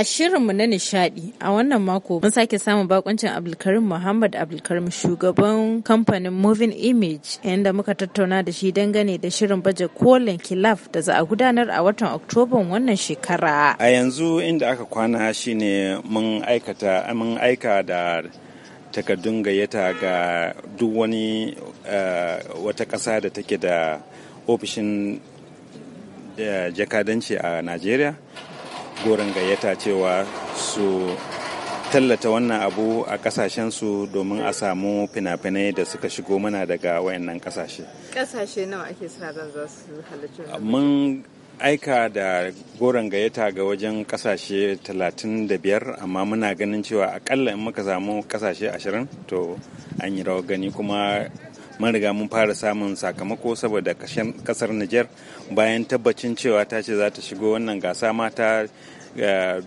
A shirinmu na nishadi a wannan mako mun sake samun bakuncin Abdulkarim Muhammad Abdulkarim shugaban kamfanin Moving Image inda muka tattauna da shi dangane da shirin baje kolin kilaf da za a gudanar a watan Oktoban wannan shekara. A yanzu inda aka kwana shine mun aikata mun aika da takardun gayyata ga duk wani eh, wata ƙasa da take da ofishin eh, jakadanci a Najeriya. goron gayyata cewa su tallata wannan abu a kasashensu domin a samu fina-finai da suka shigo mana daga wayannan kasashe. Kasashe nawa ake sa za su Mun aika da goron gayyata ga wajen kasashe 35 amma muna ganin cewa akalla in muka samu kasashe 20 to an yi rawar gani kuma mun riga mun fara samun sakamako saboda kasar Nijar bayan tabbacin cewa ta ce za ta shigo wannan gasa mata ta eh,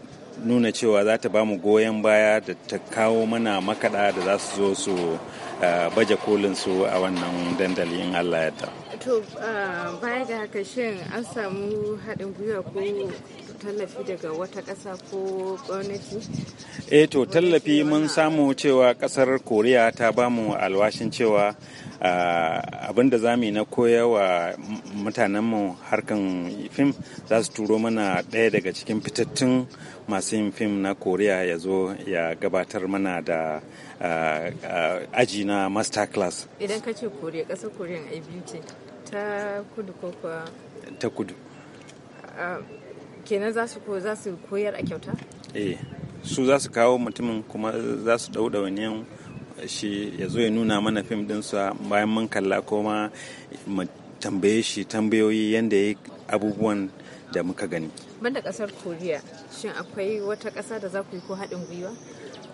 nuna cewa za ta bamu goyon baya da ta kawo mana makaɗa da za su zo su eh, baje kolin su a wannan dandalin Allah ya To eh, baya ga haka shin an samu haɗin gwiwa ko tallafi daga wata ƙasa ko gwamnati? Eh to tallafi mun samu cewa ƙasar Koriya ta bamu alwashin cewa Ah, abin da za mu yi na koyawa mutanenmu harkan fim za su turo mana ɗaya daga cikin fitattun masu yin fim na koriya ya zo ya gabatar mana da ah, aji na master class idan ka ce koriya ƙasar koriya a ce ta kudu ko kuwa ta kudu ah, kenan za su koyar a kyauta eh su za su kawo mutumin kuma za su ɗau ɗawainiyan shi ya zo ya nuna mana fim ɗinsa bayan mun kalla kuma mu tambaye shi tambayoyi yadda ya abubuwan da muka gani. Banda kasar Koriya, shin akwai wata ƙasa da za ku yi ko haɗin gwiwa?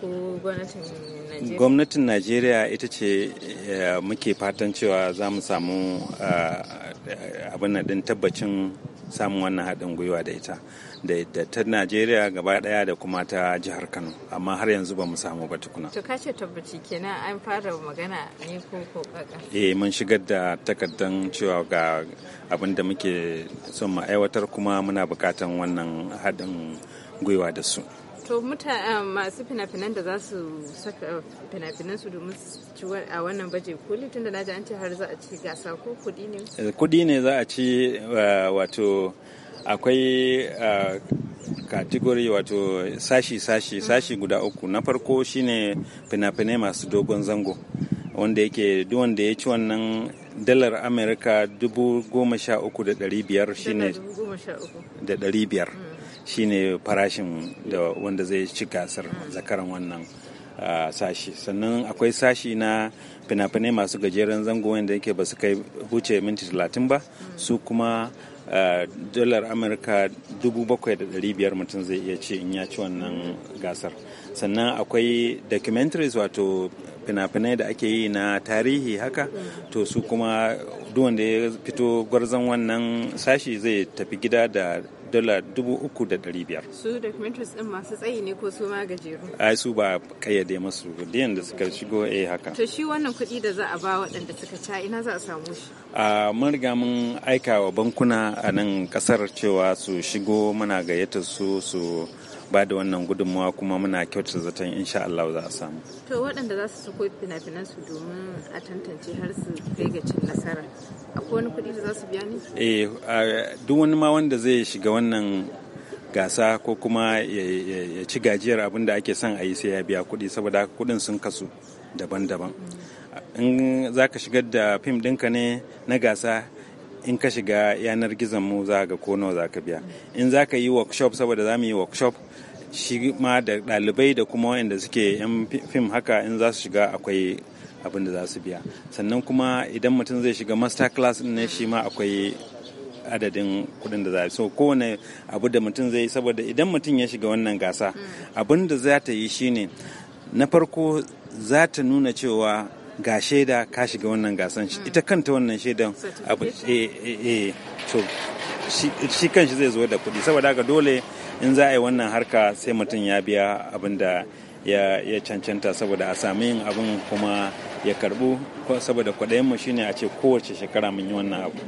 ko gwamnatin Najeriya? Gwamnatin Najeriya ita ce eh, muke fatan cewa za mu samu ah, eh, abin din tabbacin samun wannan haɗin gwiwa da ita da ta najeriya gaba ɗaya da kuma ta jihar kano amma har yanzu ba mu samu ba tukuna to kace tabbaci kenan an fara magana ne ko ko kaka eh mun shigar da takardan cewa ga abin da muke son mu aiwatar kuma muna bukatan wannan haɗin gwiwa da su to muta masu fina-finan da za su saka fina-finan su domin ci a wannan baje koli tun da naji an ce har za a ci gasa ko kudi ne eh, kudi ne za a ci eh, wato akwai kategori eh, wato sashi-sashi mm. sashi guda uku na farko shine fina-finai masu dogon zango wanda yake duk wanda ya ci wannan dalar amurka dubu goma sha uku da dari biyar shine da dari biyar mm. shine farashin da wanda zai ci gasar zakaran wannan sashi sannan akwai sashi na fina-finai masu gajeren zango wanda yake ba su kai huce minti talatin ba su kuma dolar amurka 7,500 mutum zai iya ci in ya ci wannan gasar sannan akwai documentaries wato fina-finai da ake yi na tarihi haka to su kuma duk wanda ya fito gwarzon wannan sashi zai tafi gida da dala dubu uku da ɗari biyar. Su documentaries ɗin masu tsayi ne ko su ma gajeru? Ai su ba kayyade masu diyan da suka shigo eh haka. To shi wannan kuɗi da za a ba waɗanda suka ca ina za a samu shi? A mun riga mun aika wa bankuna a nan ƙasar cewa su shigo muna gayyatar su su ba da wannan gudunmawa kuma muna kyautata zaton insha Allah za a samu. To waɗanda za su suko fina-finan su domin a tantance har su kai ga cin nasara. Akwai wani kuɗi da za su biya ne? Eh duk wani ma wanda zai shiga wannan gasa ko kuma ya ci gajiyar abin da ake son a yi sai ya biya kuɗi saboda kuɗin sun kasu daban-daban. Mm. In za ka shigar da fim ɗinka ne na gasa in ka shiga yanar gizon mu za ga ko nawa za ka biya in za ka yi workshop saboda za mu yi workshop shi ma da ɗalibai da kuma waanda suke yan fim haka in za su shiga akwai abin da za su biya sannan kuma idan mutum zai shiga master class ne shi ma akwai adadin kuɗin da za a so kowane abu da mutum zai saboda idan mutum ya shiga wannan gasa hmm. abin da za ta yi shine na farko za ta nuna cewa ga shaida ka shiga wannan gasan ita kanta wannan shaidan abu eh, eh, eh to shi kanshi zai zo da kuɗi saboda haka dole in za a yi wannan harka sai mutum ya biya abin da ya cancanta saboda a sami yin abin kuma ya karbu saboda mu shine a ce kowace shekara mun yi wannan abu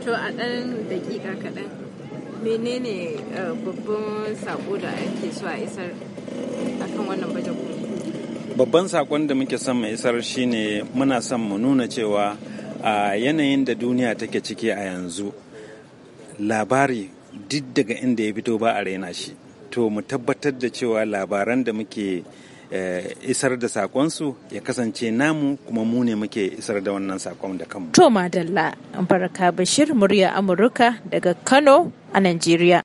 to a ɗan dakika kaɗan menene eh, babban sako da ake so a isar akan wannan baje kuma babban sakon da muke son mu isar shine muna son mu nuna cewa a yanayin da duniya take ciki a yanzu labari duk daga inda ya fito ba a raina shi to mu tabbatar da cewa labaran da muke eh, isar da sakonsu ya kasance namu kuma mu ne muke isar da wannan sakon da kanmu. To Madalla, Baraka Bashir, murya Amurka daga Kano a Najeriya.